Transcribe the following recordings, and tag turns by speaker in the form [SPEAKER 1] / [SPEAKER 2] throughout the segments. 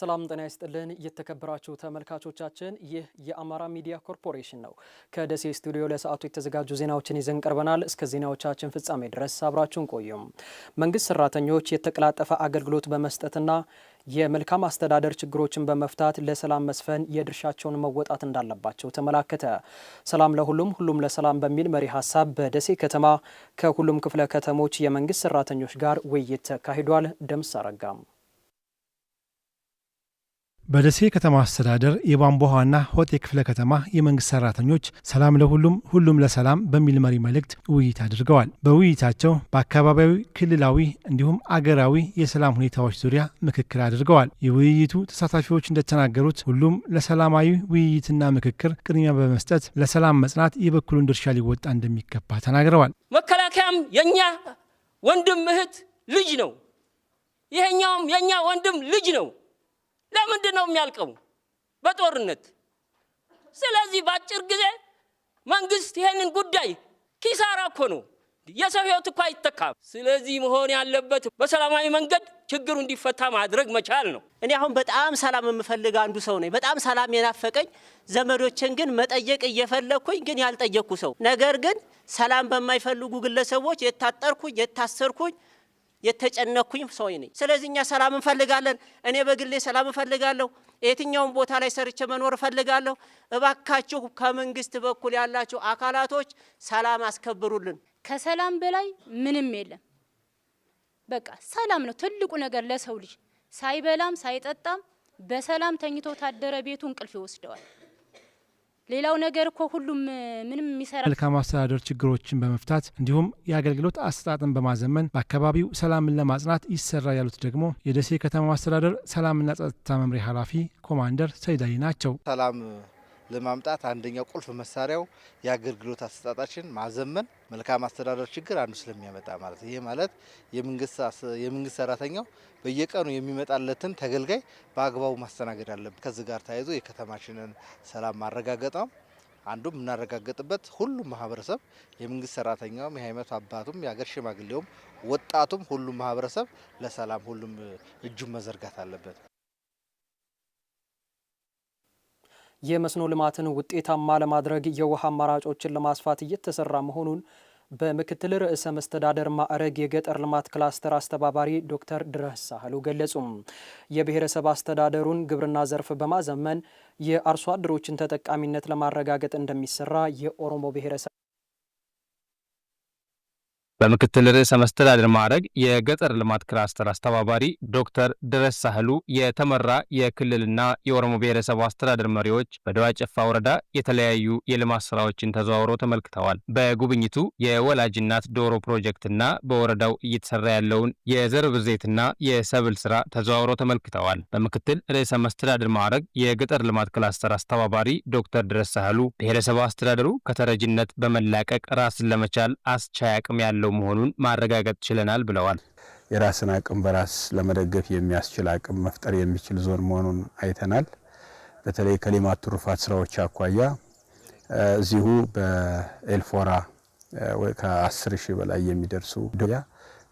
[SPEAKER 1] ሰላም ጤና ይስጥልን። የተከበራችሁ ተመልካቾቻችን ይህ የአማራ ሚዲያ ኮርፖሬሽን ነው። ከደሴ ስቱዲዮ ለሰዓቱ የተዘጋጁ ዜናዎችን ይዘን ቀርበናል። እስከ ዜናዎቻችን ፍጻሜ ድረስ አብራችሁን ቆዩም። መንግስት ሰራተኞች የተቀላጠፈ አገልግሎት በመስጠትና የመልካም አስተዳደር ችግሮችን በመፍታት ለሰላም መስፈን የድርሻቸውን መወጣት እንዳለባቸው ተመላከተ። ሰላም ለሁሉም ሁሉም ለሰላም በሚል መሪ ሀሳብ በደሴ ከተማ ከሁሉም ክፍለ ከተሞች የመንግስት ሰራተኞች ጋር ውይይት ተካሂዷል። ደምስ አረጋም በደሴ ከተማ አስተዳደር የቧንቧ ውሃና ሆጤ ክፍለ ከተማ የመንግስት ሰራተኞች ሰላም ለሁሉም ሁሉም ለሰላም በሚል መሪ መልእክት ውይይት አድርገዋል። በውይይታቸው በአካባቢያዊ ክልላዊ እንዲሁም አገራዊ የሰላም ሁኔታዎች ዙሪያ ምክክር አድርገዋል። የውይይቱ ተሳታፊዎች እንደተናገሩት ሁሉም ለሰላማዊ ውይይትና ምክክር ቅድሚያ በመስጠት ለሰላም መጽናት የበኩሉን ድርሻ ሊወጣ እንደሚገባ ተናግረዋል።
[SPEAKER 2] መከላከያም የእኛ ወንድም እህት ልጅ ነው። ይሄኛውም የእኛ ወንድም ልጅ ነው ለምንድን ነው የሚያልቀው? በጦርነት። ስለዚህ በአጭር ጊዜ መንግስት ይሄንን ጉዳይ ኪሳራ እኮ ነው፣ የሰው ህይወት እኮ አይተካም። ስለዚህ መሆን ያለበት በሰላማዊ መንገድ ችግሩ እንዲፈታ ማድረግ መቻል ነው። እኔ አሁን በጣም ሰላም የምፈልግ አንዱ ሰው ነኝ። በጣም ሰላም የናፈቀኝ ዘመዶችን ግን መጠየቅ እየፈለግኩኝ ግን ያልጠየቅኩ ሰው ነገር ግን ሰላም በማይፈልጉ ግለሰቦች የታጠርኩኝ የታሰርኩኝ የተጨነኩኝ ሰው ነኝ። ስለዚህ እኛ ሰላም እንፈልጋለን። እኔ በግሌ ሰላም እንፈልጋለሁ። የትኛውም ቦታ ላይ ሰርቼ መኖር እፈልጋለሁ። እባካችሁ ከመንግስት በኩል ያላችሁ አካላቶች ሰላም አስከብሩልን።
[SPEAKER 3] ከሰላም በላይ ምንም የለም። በቃ ሰላም ነው ትልቁ ነገር ለሰው ልጅ። ሳይበላም ሳይጠጣም በሰላም ተኝቶ ታደረ ቤቱ እንቅልፍ ይወስደዋል። ሌላው ነገር እኮ ሁሉም ምንም የሚሰራ
[SPEAKER 1] መልካም አስተዳደር ችግሮችን በመፍታት እንዲሁም የአገልግሎት አሰጣጥን በማዘመን በአካባቢው ሰላምን ለማጽናት ይሰራ ያሉት ደግሞ የደሴ ከተማ አስተዳደር ሰላምና ጸጥታ መምሪያ ኃላፊ ኮማንደር ሰይዳይ ናቸው።
[SPEAKER 4] ሰላም ለማምጣት አንደኛው ቁልፍ መሳሪያው የአገልግሎት አሰጣጣችን ማዘመን መልካም አስተዳደር ችግር አንዱ ስለሚያመጣ ማለት ይሄ ማለት የመንግስት ሰራተኛው በየቀኑ የሚመጣለትን ተገልጋይ በአግባቡ ማስተናገድ አለብን። ከዚህ ጋር ተያይዞ የከተማችንን ሰላም ማረጋገጥ ነው አንዱ የምናረጋግጥበት ሁሉም ማህበረሰብ የመንግስት ሰራተኛውም የሃይማኖት አባቱም የሀገር ሽማግሌውም ወጣቱም ሁሉም ማህበረሰብ ለሰላም ሁሉም እጁን መዘርጋት አለበት።
[SPEAKER 1] የመስኖ ልማትን ውጤታማ ለማድረግ የውሃ አማራጮችን ለማስፋት እየተሰራ መሆኑን በምክትል ርዕሰ መስተዳደር ማዕረግ የገጠር ልማት ክላስተር አስተባባሪ ዶክተር ድረስ ሳህሉ ገለጹም። የብሔረሰብ አስተዳደሩን ግብርና ዘርፍ በማዘመን የአርሶ አደሮችን ተጠቃሚነት ለማረጋገጥ እንደሚሰራ የኦሮሞ ብሔረሰብ
[SPEAKER 5] በምክትል ርዕሰ መስተዳድር ማዕረግ የገጠር ልማት ክላስተር አስተባባሪ ዶክተር ድረስ ሳህሉ የተመራ የክልልና የኦሮሞ ብሔረሰብ አስተዳደር መሪዎች በደዋ ጨፋ ወረዳ የተለያዩ የልማት ስራዎችን ተዘዋውረው ተመልክተዋል። በጉብኝቱ የወላጅናት ዶሮ ፕሮጀክትና በወረዳው እየተሰራ ያለውን የዘርብ ብዜትና የሰብል ስራ ተዘዋውሮ ተመልክተዋል። በምክትል ርዕሰ መስተዳድር ማዕረግ የገጠር ልማት ክላስተር አስተባባሪ ዶክተር ድረስ ሳህሉ ብሔረሰብ አስተዳደሩ ከተረጅነት በመላቀቅ ራስን ለመቻል አስቻይ አቅም ያለው ያለው መሆኑን ማረጋገጥ ችለናል ብለዋል።
[SPEAKER 6] የራስን አቅም በራስ ለመደገፍ የሚያስችል አቅም መፍጠር የሚችል ዞን መሆኑን አይተናል። በተለይ ከሌማት ትሩፋት ስራዎች አኳያ እዚሁ በኤልፎራ ከአስር ሺህ በላይ የሚደርሱ ያ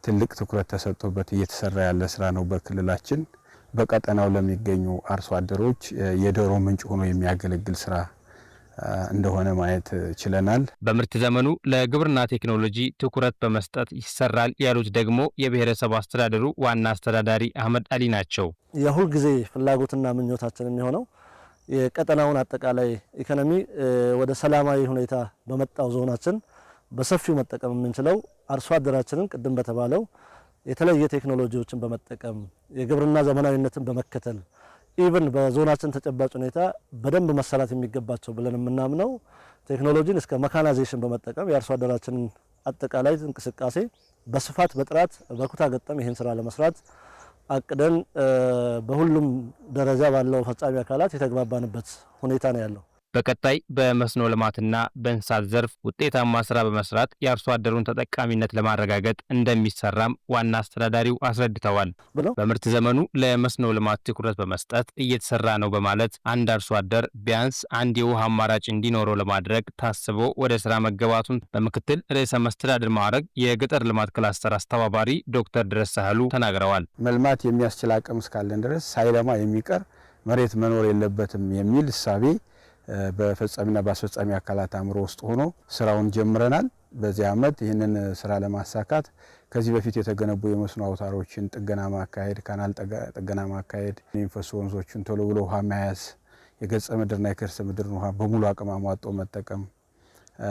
[SPEAKER 6] ትልቅ ትኩረት ተሰጥቶበት እየተሰራ ያለ ስራ ነው። በክልላችን በቀጠናው ለሚገኙ አርሶ አደሮች የዶሮ ምንጭ ሆኖ የሚያገለግል ስራ እንደሆነ ማየት ችለናል።
[SPEAKER 5] በምርት ዘመኑ ለግብርና ቴክኖሎጂ ትኩረት በመስጠት ይሰራል ያሉት ደግሞ የብሔረሰብ አስተዳደሩ ዋና አስተዳዳሪ አህመድ አሊ ናቸው።
[SPEAKER 7] የሁል ጊዜ ፍላጎትና ምኞታችን የሚሆነው የቀጠናውን አጠቃላይ ኢኮኖሚ ወደ ሰላማዊ ሁኔታ በመጣው ዞናችን በሰፊው መጠቀም የምንችለው አርሶ አደራችንን ቅድም በተባለው የተለየ ቴክኖሎጂዎችን በመጠቀም የግብርና ዘመናዊነትን በመከተል ኢቨን በዞናችን ተጨባጭ ሁኔታ በደንብ መሰራት የሚገባቸው ብለን የምናምነው ቴክኖሎጂን እስከ መካናይዜሽን በመጠቀም የአርሶ አደራችንን አጠቃላይ እንቅስቃሴ በስፋት በጥራት በኩታ ገጠም ይህን ስራ ለመስራት አቅደን በሁሉም ደረጃ ባለው ፈጻሚ አካላት የተግባባንበት ሁኔታ ነው ያለው።
[SPEAKER 5] በቀጣይ በመስኖ ልማትና በእንስሳት ዘርፍ ውጤታማ ስራ በመስራት የአርሶ አደሩን ተጠቃሚነት ለማረጋገጥ እንደሚሰራም ዋና አስተዳዳሪው አስረድተዋል። በምርት ዘመኑ ለመስኖ ልማት ትኩረት በመስጠት እየተሰራ ነው በማለት አንድ አርሶ አደር ቢያንስ አንድ የውሃ አማራጭ እንዲኖረው ለማድረግ ታስቦ ወደ ስራ መገባቱን በምክትል ርዕሰ መስተዳድር ማዕረግ የገጠር ልማት ክላስተር አስተባባሪ ዶክተር ድረስ ሳህሉ ተናግረዋል።
[SPEAKER 6] መልማት የሚያስችል አቅም እስካለን ድረስ ሳይለማ የሚቀር መሬት መኖር የለበትም የሚል እሳቤ በፈጻሚና በአስፈጻሚ አካላት አእምሮ ውስጥ ሆኖ ስራውን ጀምረናል። በዚህ አመት ይህንን ስራ ለማሳካት ከዚህ በፊት የተገነቡ የመስኖ አውታሮችን ጥገና ማካሄድ፣ ካናል ጥገና ማካሄድ፣ የሚፈሱ ወንዞችን ቶሎ ብሎ ውሃ መያዝ፣ የገጸ ምድርና የከርሰ ምድርን ውሃ በሙሉ አቅም አሟጦ መጠቀም፣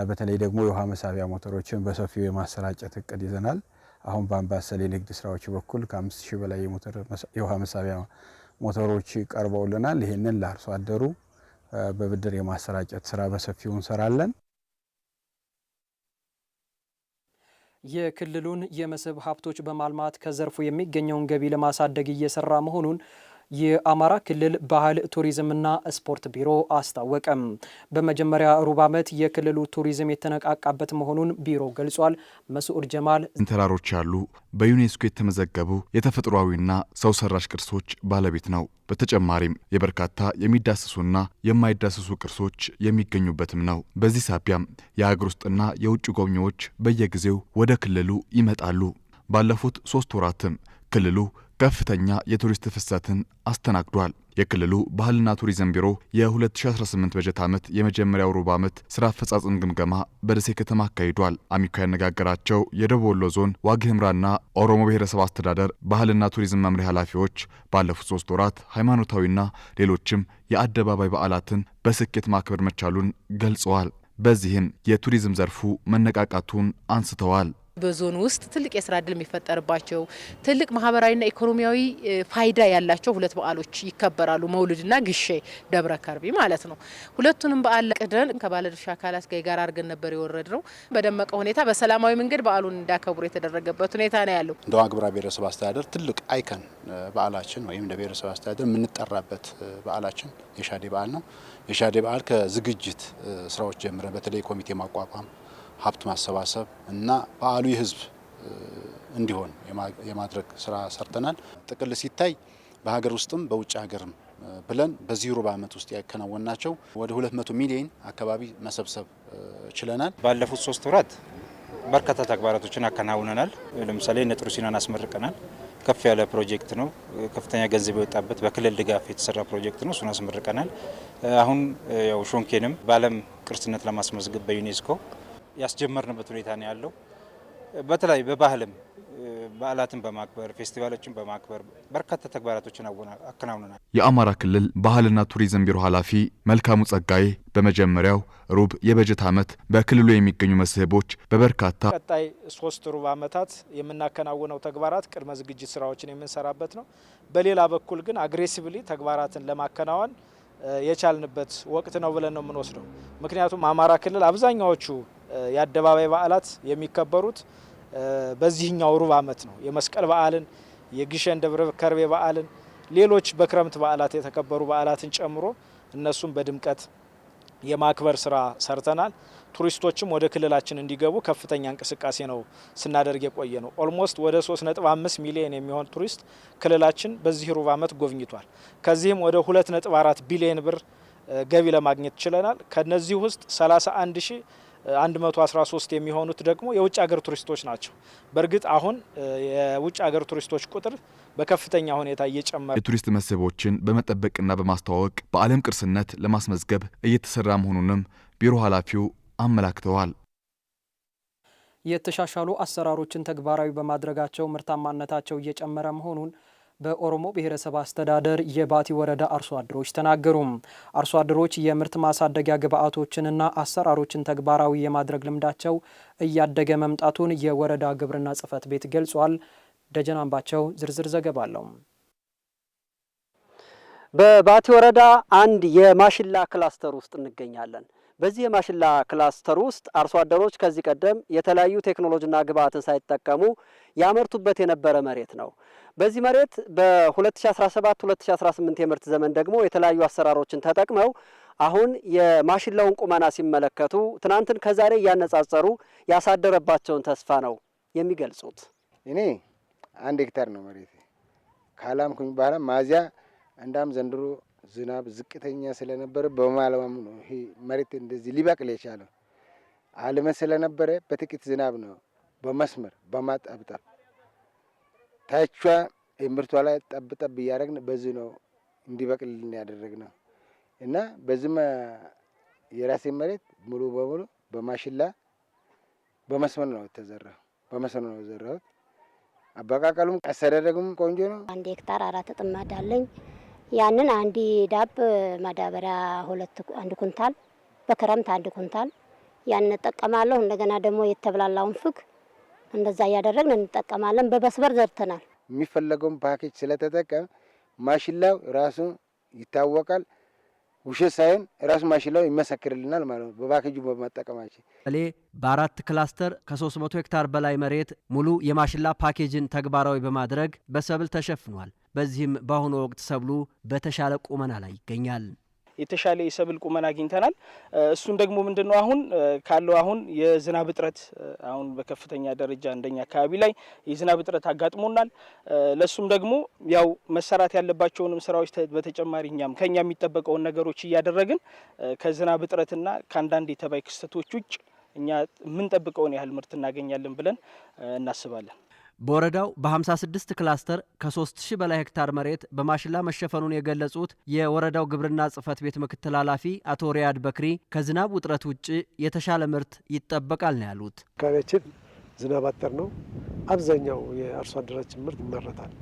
[SPEAKER 6] በተለይ ደግሞ የውሃ መሳቢያ ሞተሮችን በሰፊው የማሰራጨት እቅድ ይዘናል። አሁን በአምባሰል የንግድ ስራዎች በኩል ከአምስት ሺህ በላይ የውሃ መሳቢያ ሞተሮች ቀርበውልናል። ይህንን ለአርሶ አደሩ በብድር የማሰራጨት ስራ በሰፊው እንሰራለን።
[SPEAKER 1] የክልሉን የመስህብ ሀብቶች በማልማት ከዘርፉ የሚገኘውን ገቢ ለማሳደግ እየሰራ መሆኑን የአማራ ክልል ባህል ቱሪዝምና ስፖርት ቢሮ አስታወቀም። በመጀመሪያ ሩብ ዓመት የክልሉ ቱሪዝም የተነቃቃበት መሆኑን ቢሮ ገልጿል። መስዑድ ጀማል
[SPEAKER 8] ተራሮች ያሉ በዩኔስኮ የተመዘገቡ የተፈጥሯዊና ሰው ሰራሽ ቅርሶች ባለቤት ነው። በተጨማሪም የበርካታ የሚዳሰሱና የማይዳሰሱ ቅርሶች የሚገኙበትም ነው። በዚህ ሳቢያም የሀገር ውስጥና የውጭ ጎብኚዎች በየጊዜው ወደ ክልሉ ይመጣሉ። ባለፉት ሶስት ወራትም ክልሉ ከፍተኛ የቱሪስት ፍሰትን አስተናግዷል። የክልሉ ባህልና ቱሪዝም ቢሮ የ2018 በጀት ዓመት የመጀመሪያው ሩብ ዓመት ስራ አፈጻጸም ግምገማ በደሴ ከተማ አካሂዷል። አሚኮ ያነጋገራቸው የደቡብ ወሎ ዞን ዋግ ህምራና ኦሮሞ ብሔረሰብ አስተዳደር ባህልና ቱሪዝም መምሪያ ኃላፊዎች ባለፉት ሶስት ወራት ሃይማኖታዊና ሌሎችም የአደባባይ በዓላትን በስኬት ማክበር መቻሉን ገልጸዋል። በዚህም የቱሪዝም ዘርፉ መነቃቃቱን አንስተዋል።
[SPEAKER 9] በዞን ውስጥ ትልቅ የስራ እድል የሚፈጠርባቸው ትልቅ ማህበራዊና ኢኮኖሚያዊ ፋይዳ ያላቸው ሁለት በዓሎች ይከበራሉ፣ መውልድና ግሼ ደብረ ከርቢ ማለት ነው። ሁለቱንም በዓል ለቅደን ከባለድርሻ አካላት ጋር አድርገን ነበር የወረድ ነው። በደመቀ ሁኔታ በሰላማዊ መንገድ በዓሉን እንዳከብሩ የተደረገበት ሁኔታ ነው ያለው።
[SPEAKER 10] እንደ ዋግምራ ብሔረሰብ አስተዳደር ትልቅ አይከን በዓላችን ወይም እንደ ብሔረሰብ አስተዳደር የምንጠራበት በዓላችን የሻዴ በዓል ነው። የሻዴ በዓል ከዝግጅት ስራዎች ጀምረን በተለይ ኮሚቴ ማቋቋም ሀብት ማሰባሰብ እና በዓሉ የህዝብ እንዲሆን የማድረግ ስራ ሰርተናል። ጥቅል ሲታይ በሀገር ውስጥም በውጭ ሀገርም ብለን በዚህ ሩብ ዓመት ውስጥ ያከናወናቸው ወደ 200 ሚሊዮን አካባቢ መሰብሰብ ችለናል።
[SPEAKER 11] ባለፉት ሶስት ወራት በርካታ ተግባራቶችን አከናውነናል። ለምሳሌ ነጥሩ ሲናን አስመርቀናል። ከፍ ያለ ፕሮጀክት ነው። ከፍተኛ ገንዘብ የወጣበት በክልል ድጋፍ የተሰራ ፕሮጀክት ነው። እሱን አስመርቀናል። አሁን ያው ሾንኬንም በዓለም ቅርስነት ለማስመዝገብ በዩኔስኮ ያስጀመርንበት ሁኔታ ነው ያለው። በተለይ በባህልም በዓላትን በማክበር ፌስቲቫሎችን በማክበር በርካታ ተግባራቶችን አከናውነናል።
[SPEAKER 5] የአማራ ክልል ባህልና ቱሪዝም ቢሮ ኃላፊ መልካሙ ጸጋዬ በመጀመሪያው ሩብ የበጀት ዓመት በክልሉ የሚገኙ መስህቦች በበርካታ
[SPEAKER 12] ቀጣይ ሶስት ሩብ ዓመታት የምናከናውነው ተግባራት ቅድመ ዝግጅት ስራዎችን የምንሰራበት ነው። በሌላ በኩል ግን አግሬሲቭሊ ተግባራትን ለማከናወን የቻልንበት ወቅት ነው ብለን ነው የምንወስደው። ምክንያቱም አማራ ክልል አብዛኛዎቹ የአደባባይ በዓላት የሚከበሩት በዚህኛው ሩብ ዓመት ነው። የመስቀል በዓልን፣ የግሸን ደብረ ከርቤ በዓልን፣ ሌሎች በክረምት በዓላት የተከበሩ በዓላትን ጨምሮ እነሱም በድምቀት የማክበር ስራ ሰርተናል። ቱሪስቶችም ወደ ክልላችን እንዲገቡ ከፍተኛ እንቅስቃሴ ነው ስናደርግ የቆየ ነው። ኦልሞስት ወደ 3.5 ሚሊዮን የሚሆን ቱሪስት ክልላችን በዚህ ሩብ ዓመት ጎብኝቷል። ከዚህም ወደ 2.4 ቢሊዮን ብር ገቢ ለማግኘት ችለናል። ከነዚህ ውስጥ 31 ሺህ 113 የሚሆኑት ደግሞ የውጭ ሀገር ቱሪስቶች ናቸው። በእርግጥ አሁን የውጭ ሀገር ቱሪስቶች ቁጥር በከፍተኛ ሁኔታ እየጨመረ
[SPEAKER 5] የቱሪስት መስህቦችን በመጠበቅና በማስተዋወቅ በዓለም ቅርስነት ለማስመዝገብ እየተሰራ መሆኑንም ቢሮ ኃላፊው አመላክተዋል።
[SPEAKER 1] የተሻሻሉ አሰራሮችን ተግባራዊ በማድረጋቸው ምርታማነታቸው እየጨመረ መሆኑን በኦሮሞ ብሔረሰብ አስተዳደር የባቲ ወረዳ አርሶ አደሮች ተናገሩ። አርሶ አደሮች የምርት ማሳደጊያ ግብዓቶችንና አሰራሮችን ተግባራዊ የማድረግ ልምዳቸው እያደገ መምጣቱን የወረዳ ግብርና ጽሕፈት ቤት ገልጿል። ደጀን አምባቸው ዝርዝር ዘገባ አለው።
[SPEAKER 13] በባቲ ወረዳ አንድ የማሽላ ክላስተር ውስጥ እንገኛለን። በዚህ የማሽላ ክላስተር ውስጥ አርሶ አደሮች ከዚህ ቀደም የተለያዩ ቴክኖሎጂና ግብአትን ሳይጠቀሙ ያመርቱበት የነበረ መሬት ነው። በዚህ መሬት በ2017 2018 የምርት ዘመን ደግሞ የተለያዩ አሰራሮችን ተጠቅመው አሁን የማሽላውን ቁመና ሲመለከቱ ትናንትን ከዛሬ እያነጻጸሩ ያሳደረባቸውን ተስፋ ነው የሚገልጹት።
[SPEAKER 14] እኔ አንድ ሄክታር ነው መሬት ካላምኩኝ በኋላ ማዚያ እንዳም ዘንድሮ ዝናብ ዝቅተኛ ስለነበረ በማለማም ነው ይሄ መሬት እንደዚህ ሊበቅል የቻለው። አልመ ስለነበረ በጥቂት ዝናብ ነው በመስመር በማጠብጠብ ታቿ ምርቷ ላይ ጠብጠብ እያደረግን በዚህ ነው እንዲበቅልልን ነው እና በዚህም የራሴ መሬት ሙሉ በሙሉ በማሽላ በመስመር ነው ተዘራ። በመስመር ነው ዘራሁት። አበቃቀሉም አስተዳደጉም ቆንጆ ነው።
[SPEAKER 15] አንድ ሄክታር አራት ጥማድ አለኝ። ያንን አንድ ዳብ ማዳበሪያ ሁለት አንድ ኩንታል በክረምት አንድ ኩንታል ያን እንጠቀማለሁ። እንደገና ደግሞ የተብላላውን ፍግ እንደዛ እያደረግን እንጠቀማለን። በመስበር ዘርተናል።
[SPEAKER 14] የሚፈለገውን ፓኬጅ ስለተጠቀም ማሽላው ራሱ ይታወቃል። ውሸት ሳይሆን ራሱ ማሽላው ይመሰክርልናል ማለት ነው። በፓኬጁ በመጠቀማችን
[SPEAKER 5] ሌ በአራት ክላስተር ከ300 ሄክታር በላይ መሬት ሙሉ የማሽላ ፓኬጅን ተግባራዊ በማድረግ በሰብል ተሸፍኗል። በዚህም በአሁኑ ወቅት ሰብሉ በተሻለ ቁመና ላይ ይገኛል።
[SPEAKER 16] የተሻለ የሰብል ቁመና አግኝተናል። እሱን ደግሞ ምንድን ነው አሁን ካለው አሁን የዝናብ እጥረት አሁን በከፍተኛ ደረጃ እንደኛ አካባቢ ላይ የዝናብ እጥረት አጋጥሞናል። ለሱም ደግሞ ያው መሰራት ያለባቸውንም ስራዎች በተጨማሪ እኛም ከኛ የሚጠበቀውን ነገሮች እያደረግን ከዝናብ እጥረትና ከአንዳንድ የተባይ ክስተቶች ውጭ እኛ የምንጠብቀውን ያህል ምርት እናገኛለን ብለን እናስባለን።
[SPEAKER 1] በወረዳው በ56 ክላስተር ከ3000 በላይ ሄክታር መሬት በማሽላ መሸፈኑን የገለጹት የወረዳው ግብርና ጽህፈት ቤት ምክትል ኃላፊ አቶ ሪያድ በክሪ ከዝናብ ውጥረት ውጭ የተሻለ ምርት ይጠበቃል ነው ያሉት።
[SPEAKER 17] አካባቢያችን ዝናብ አጠር ነው። አብዛኛው የአርሶ አደራችን ምርት ይመረታል።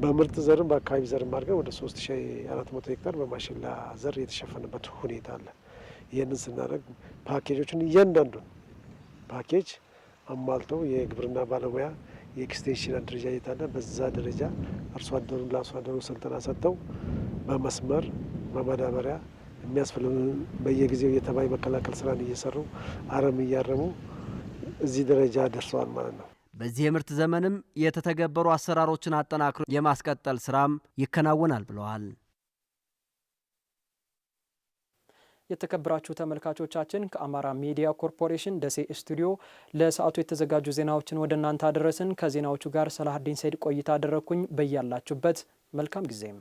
[SPEAKER 17] በምርጥ ዘርም በአካባቢ ዘርም አድርገን ወደ 3400 ሄክታር በማሽላ ዘር የተሸፈነበት ሁኔታ አለ። ይህንን ስናደርግ ፓኬጆችን እያንዳንዱን ፓኬጅ አሟልተው የግብርና ባለሙያ የኤክስቴንሽን አደረጃጀት አለ። በዛ ደረጃ አርሶ አደሩን ለአርሶ አደሩ ስልጠና ሰጥተው በመስመር በማዳበሪያ የሚያስፈልግን በየጊዜው የተባይ መከላከል ስራን እየሰሩ አረም እያረሙ እዚህ ደረጃ ደርሰዋል ማለት ነው።
[SPEAKER 1] በዚህ የምርት ዘመንም የተተገበሩ አሰራሮችን አጠናክሮ የማስቀጠል ስራም ይከናወናል ብለዋል። የተከበራችሁ ተመልካቾቻችን ከአማራ ሚዲያ ኮርፖሬሽን ደሴ ስቱዲዮ ለሰዓቱ የተዘጋጁ ዜናዎችን ወደ እናንተ አደረስን። ከዜናዎቹ ጋር ሰላሀዲን ሰይድ ቆይታ አደረግኩኝ። በያላችሁበት መልካም ጊዜም